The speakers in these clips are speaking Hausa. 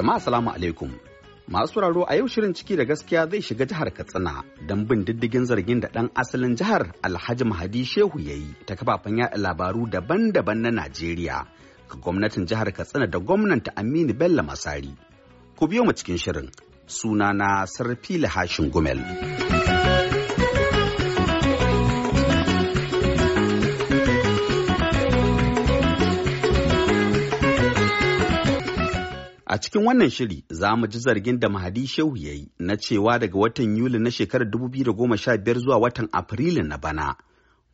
Jama'a salamu alaikum. Masu sauraro a yau shirin ciki da gaskiya zai shiga jihar Katsina don bin diddigin zargin da ɗan asalin jihar Alhaji Mahadi Shehu ya yi ta kafafen yaɗa labaru daban-daban na Najeriya ga gwamnatin jihar Katsina da gwamnanta Aminu Bello Masari. Ku biyo mu cikin shirin sunana Sarfila Hashin Gumel. A cikin wannan shiri za mu ji zargin da Mahadi Shehu ya yi na cewa daga watan Yuli na shekarar sha 2015 zuwa watan Afrilu na bana.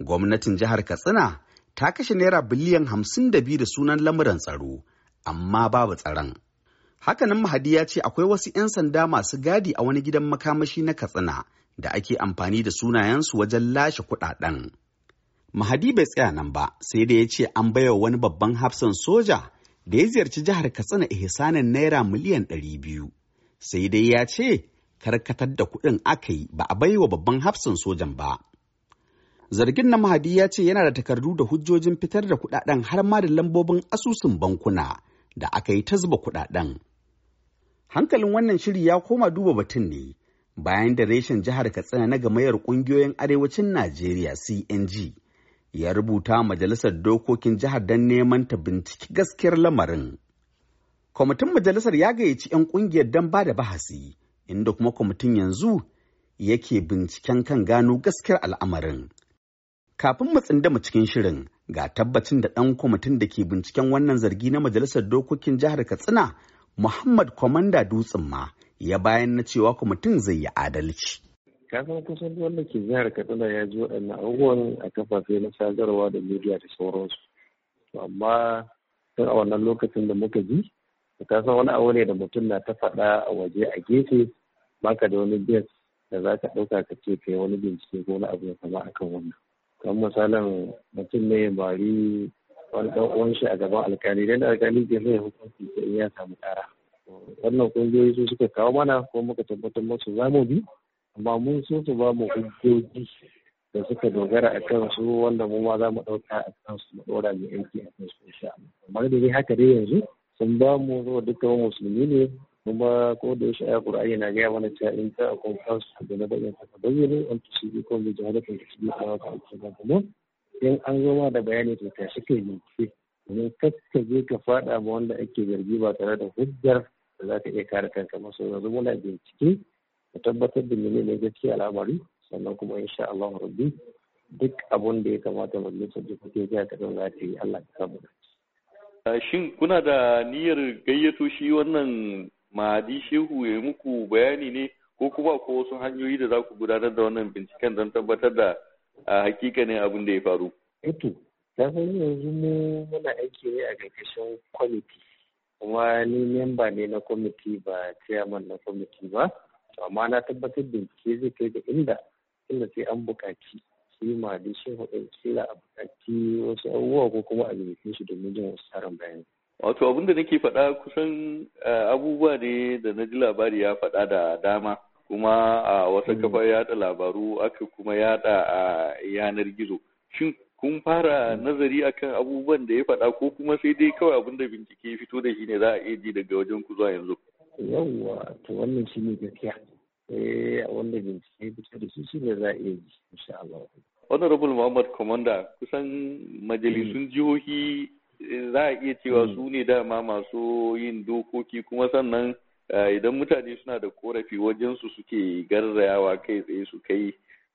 Gwamnatin jihar Katsina ta kashe naira biliyan 52 da sunan lamuran tsaro, amma babu tsaron. Hakanan Mahadi ya ce akwai wasu 'yan sanda masu gadi a wani gidan makamashi na Katsina da ake amfani da sunayensu wajen lashe kuɗaɗen. Mahadi bai tsaya nan ba, sai da ya ce an baiwa wani babban hafsan soja da ya ziyarci jihar Katsina ihsanin naira miliyan ɗari biyu. Sai dai ya ce karkatar da kuɗin aka yi ba a baiwa babban hafsin sojan ba. Zargin na Mahadi ya ce yana da takardu da hujjojin fitar da kuɗaɗen har ma da lambobin asusun bankuna da aka yi ta zuba kuɗaɗen. Hankalin wannan shiri ya koma duba batun ne bayan da reshen jihar Katsina na gamayar ƙungiyoyin arewacin Najeriya CNG ya rubuta majalisar dokokin jihar don neman ta binciki gaskiyar lamarin. Kwamitin majalisar ya gayyaci 'yan ƙungiyar don ba da bahasi, inda kuma kwamitin yanzu yake binciken kan gano gaskiyar al'amarin. Kafin mu mu cikin shirin ga tabbacin da ɗan kwamitin da ke binciken wannan zargi na majalisar dokokin jihar Katsina, Muhammad Kwamanda Dutsen ma ya bayan na cewa kwamitin zai yi adalci. Ka san kusan wanda ke jihar Kaduna ya ji waɗannan abubuwan a kafafe na sadarwa da media da sauransu amma tun a wannan lokacin da muka ji ka san wani abu ne da mutum na ta faɗa a waje a gefe baka da wani bias da za ka ɗauka ka ce kai wani bincike ko wani abu ya kama kan wannan kamar misalin mutum ne bari wani ɗan uwan shi a gaban alkali dan alkali ke zai hukunci in ya samu ƙara wannan kungiyoyi su suka kawo mana ko muka tabbatar musu zamu bi amma mun so su ba mu hujjoji da suka dogara a kan su wanda mu ma za mu ɗauka a kan su ɗora mu aiki a kan su insha Allah amma da dai haka dai yanzu sun ba mu zuwa dukkan musulmi ne kuma ko da yaushe a Qur'ani na gaya mana cewa in ta akwai kansu da na bayan ta bayyana an ci bi ko mu kan ta ci bi ko ka ci ba kuma in an zo da bayani to ta shi kai ne domin kakka je ka faɗa ma wanda ake zargi ba tare da hujjar da za ka iya kare kanka ba yanzu muna bincike ka tabbatar da menene gaskiya labari, sannan kuma insha Allah rabbi duk abun da ya kamata majalisar jikokin jiya ta za ta yi Allah ta samu shin kuna da niyyar gayyato shi wannan mahadi shehu ya muku bayani ne ko kuma ko wasu hanyoyi da za ku gudanar da wannan binciken don tabbatar da a hakika ne abin da ya faru eto eh na san yanzu mu muna aiki ne a ƙarƙashin kwamiti kuma ni memba ne na kwamiti ba chairman na kwamiti ba to amma na tabbatar bincike zai kai da inda inda sai an buƙaci ma da shi hudun kila a buƙaci wasu abubuwa ko kuma a bincike shi domin jin wasu tsarin bayani wato abin da nake faɗa kusan eh, abubuwa ne da na ji labari ya faɗa da dama kuma a wata hmm. kafa yada labaru aka kuma yada a yanar gizo shin kun fara hmm. nazari akan abubuwan da ya faɗa ko kuma sai dai kawai abin da bincike fito da shi ne za a iya ji daga wajen ku zuwa yanzu yawwa to wannan shi ne gaskiya eh wanda bincike bisa da shi shi ne za a iya insha Allah honorable Muhammad Komanda kusan majalisun mm. jihohi eh, za a iya cewa mm. su ne dama masu yin dokoki kuma sannan eh, idan mutane suna da korafi wajen su suke garzayawa kai tsaye su kai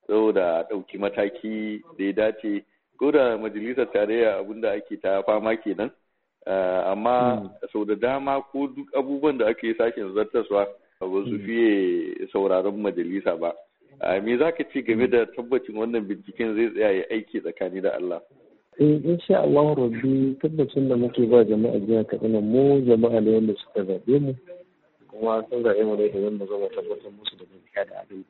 saboda ɗauki mataki da ya dace ko da majalisar tarayya abinda ake ta fama kenan Eh, amma hmm. sau da dama ko duk abubuwan da ake sashen zartaswa ba su hmm. fiye sauraron majalisa ba eh, me za ka ci game da tabbacin wannan binciken zai tsaya ya aiki tsakani da Allah eh, in sha Allah rabbi tabbacin da muke ba jama'a jiya na mu jama'a da wanda suka zaɓe mu kuma sun zaɓe mu da yadda mu zama tabbatar musu da gaskiya da abin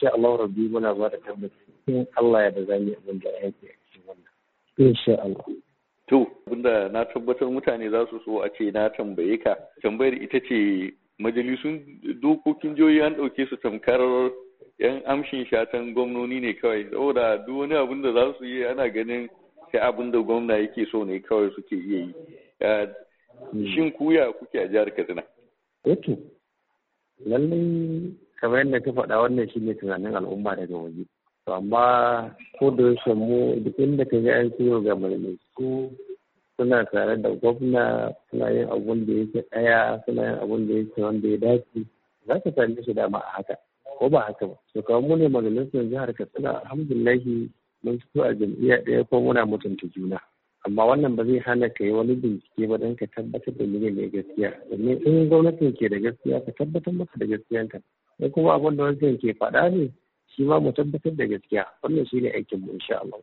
sha Allah rabbi muna ba da tabbacin Allah ya da zami abin da yake a cikin wannan insha Allah To, abinda na tabbatar mutane za su so a ce na tambaye ka. Tambayar ita ce majalisun dokokin jihohi an ɗauke su tamkar yan amshin shatan gwamnoni ne kawai saboda duk wani abin da za su yi ana ganin sai abin da gwamna yake so ne kawai suke iya yi. Shin kuya kuke a jihar Katsina? Eto, eh lallai kamar yadda ka faɗa wannan shi ne tunanin al'umma daga waje. to amma ko da yaushe mu duk inda ka ga an ga maimaitu suna tare da gwamna suna yin abun da yake ɗaya suna yin abun da yake wanda ya dace za ka sami shi dama a haka ko ba haka ba to kawo mu ne majalisar jihar katsina alhamdulillahi mun fito a jam'iyya ɗaya ko muna mutunta juna amma wannan ba zai hana ka yi wani bincike ba don ka tabbatar da mene ne gaskiya domin in gwamnatin ke da gaskiya ka tabbatar maka da gaskiyanka ko kuma abin da wancan ke faɗa ne shi ma mu tabbatar da gaskiya wannan shi ne aikin mu insha Allah.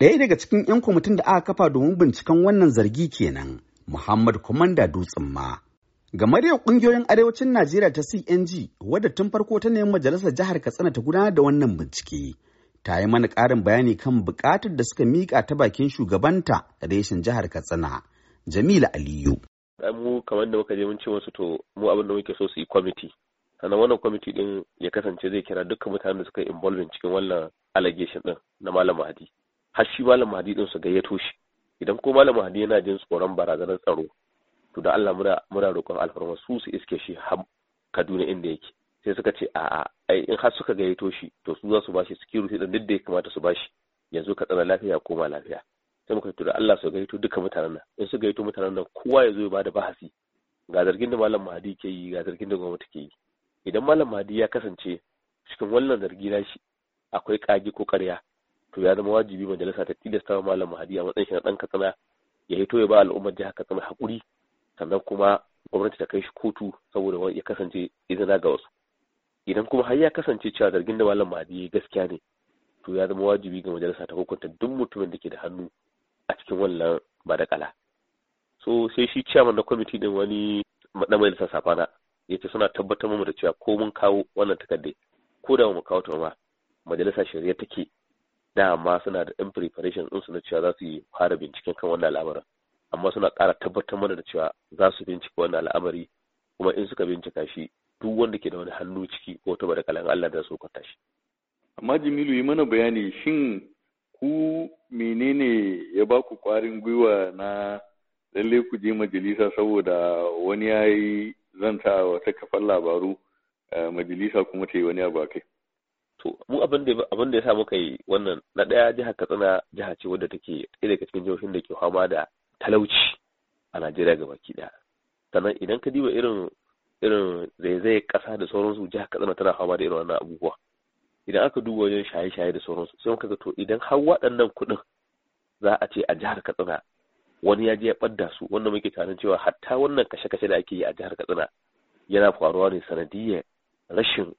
Daya daga cikin 'yan kwamitin da aka kafa domin binciken wannan zargi kenan, Muhammad Komanda Dutsen ma. yau ƙungiyoyin Arewacin Najeriya ta CNG, wadda tun farko ta nemi majalisar jihar Katsina ta gudanar da wannan bincike, ta yi mana ƙarin bayani kan buƙatar da suka miƙa ta bakin shugabanta reshen jihar Katsina, Jamila Aliyu. mu kamar da muka je mun ce wasu to mu abin da muke so su yi kwamiti sannan wannan kwamiti din ya kasance zai kira dukkan mutanen da suka yi involving cikin wannan allegation din na malam mahadi har shi malam mahadi din su gayyato shi idan ko malam mahadi yana jin tsoron barazanar tsaro to da Allah muna muna roƙon alfarma su su iske shi har Kaduna inda yake sai suka ce a'a ai in har suka gayyato shi to su za su bashi security din duk da ya kamata su bashi yanzu ka tsara lafiya koma lafiya sai muka to da Allah su gayyato duka mutanen nan in su gayyato mutanen nan kowa ya zo ya bada bahasi ga zargin da malam mahadi ke yi ga zargin da gwamnati ke yi idan malam mahdi ya kasance cikin wannan zargi shi, akwai kagi ko karya to ya zama wajibi majalisa ta tilasta wa malam mahdi a matsayin shi na dan katsina ya yi toye ba al'ummar jihar katsina hakuri sannan kuma gwamnati ta kai shi kotu saboda wani ya kasance izina ga wasu idan kuma har ya kasance cewa zargin da malam mahdi ya gaskiya ne to ya zama wajibi ga majalisa ta hukunta duk mutumin da ke da hannu a cikin wannan badakala so sai shi ciyaman na kwamiti din wani na majalisa safana ya ce suna tabbatar mu da cewa ko mun kawo wannan takarda ko da mu kawo ta majalisa shari'a take dama suna da ɗan preparation ɗinsu na cewa za su yi fara binciken kan wannan al'amarin amma suna ƙara tabbatar mana da cewa za su bincika wannan al'amari kuma in suka bincika shi duk wanda ke da wani hannu ciki ko ta bada kalan Allah da su kwata shi. Amma Jimilu yi mana bayani shin ku menene ya ba ku ƙwarin gwiwa na lalle ku je majalisa saboda wani ya yi Zan zanta wata kafar labaru majalisa kuma ta yi wani abu a kai. To, mu abin da ya sa muka yi wannan na ɗaya jihar Katsina jiha ce wadda take ɗaya daga cikin jihohin da ke fama da talauci a Najeriya ga baki ɗaya. Sannan idan ka diba irin irin zaizayar ƙasa da sauransu jihar Katsina tana fama da irin wannan abubuwa. Idan aka duba wajen shaye-shaye da sauransu sai muka ga to idan har waɗannan kuɗin za a ce a jihar Katsina wani ya je ya ɓadda su wanda muke tunanin cewa hatta wannan kashe-kashe da ake yi a jihar katsina yana faruwa ne sanadiyyar rashin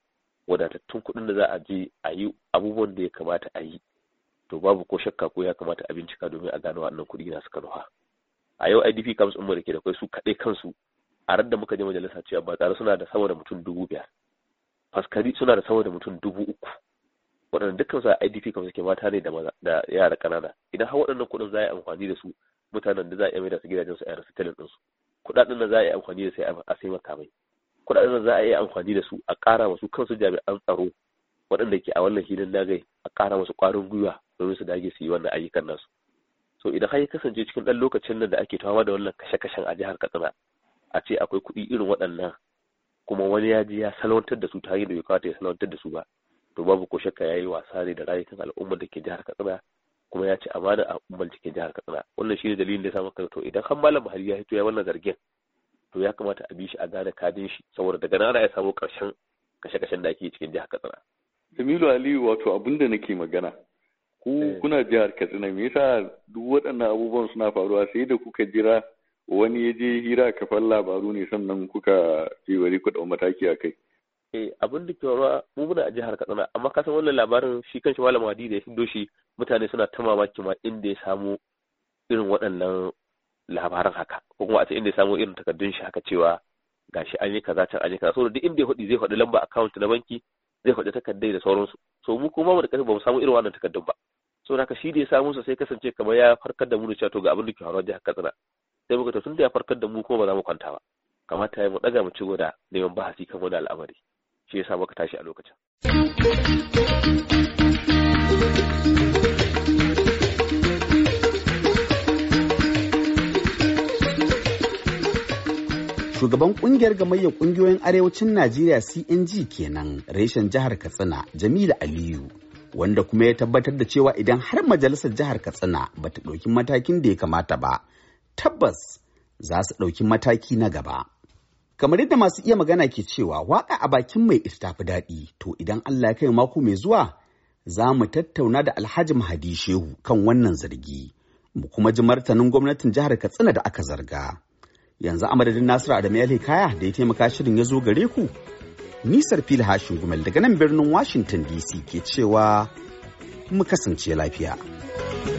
wadatattun kuɗin da za a je a yi abubuwan da ya kamata a yi to babu ko shakka ko ya kamata a bincika domin a gano wannan kuɗi na suka nufa a yau idp camps ɗin da ke da kai su kaɗai kansu a radda muka je majalisa cewa ba tsare suna da sama da mutum dubu biyar faskari suna da sama da mutum dubu uku waɗanda dukkan su idp camps ke mata ne da yara ƙanana idan har waɗannan kuɗin za a yi amfani da su mutanen da za a yi da su gidajen su a yarsu talin ɗinsu kuɗaɗen da za a yi amfani da su a sai makamai kuɗaɗen da za a yi amfani da su a ƙara masu kansu jami'an tsaro waɗanda ke a wannan hilin dagai a ƙara masu ƙwarin gwiwa domin su dage su yi wannan ayyukan nasu so idan har ya kasance cikin ɗan lokacin nan da ake tawa da wannan kashe-kashen a jihar katsina a ce akwai kuɗi irin waɗannan kuma wani ya ji ya salwantar da su ta hanyar da bai kawata ya salwantar da su ba to babu ko shakka ya yi wasa ne da rayukan al'ummar da ke jihar katsina kuma ya ce a bada a umar cikin jihar katsina wannan shi ne dalilin da ya samu to idan kan malam buhari ya hito ya wannan zargin to ya kamata a bi shi a gane kadin shi saboda daga nan ya samu karshen kashe-kashen da ake cikin jihar katsina jamilu aliyu wato abin da nake magana ku eh. kuna jihar katsina me yasa duk waɗannan abubuwan suna faruwa sai da kuka jira wani ya je hira kafan labaru ne sannan kuka ce bari ku mataki a kai eh abin da ke faruwa mu muna a jihar Katsina amma ka san wannan labarin shi kanshi malam Hadi da ya shigo shi mutane suna ta mamaki ma inda ya samu irin waɗannan labaran haka ko kuma a ce inda ya samu irin takardun shi haka cewa gashi an yi kaza can an yi kaza saboda duk inda ya faɗi zai faɗi lamba account na banki zai faɗi takardai da sauransu so mu kuma mu da kasu ba mu samu irin wannan takardun ba so haka shi da ya samu sa sai kasance kamar ya farkar da mu da cewa to ga abin da ke faruwa jihar Katsina sai muka ta tun da ya farkar da mu kuma ba za mu kwanta ba kamata ya mu daga mu ci da neman bahasi kan wani al'amari shi yasa baka tashi a lokacin shugaban kungiyar gamayyar kungiyoyin arewacin najeriya cng kenan reshen jihar katsina jamilu aliyu wanda kuma ya tabbatar da cewa idan har majalisar jihar katsina bata ta ɗauki matakin da ya kamata ba tabbas za su ɗauki mataki na gaba Kamar yadda masu iya magana ke cewa waƙa a bakin mai ita tafi daɗi, to idan Allah ya kai mako mai zuwa za mu tattauna da Alhaji Mahadi Shehu kan wannan zargi, mu kuma ji martanin gwamnatin jihar Katsina da aka zarga. Yanzu a madadin Nasiru Adamu ya kaya da ya taimaka shirin ya zo gare ku. Nisar fili hashin gumel daga nan birnin Washington DC ke cewa mu kasance lafiya.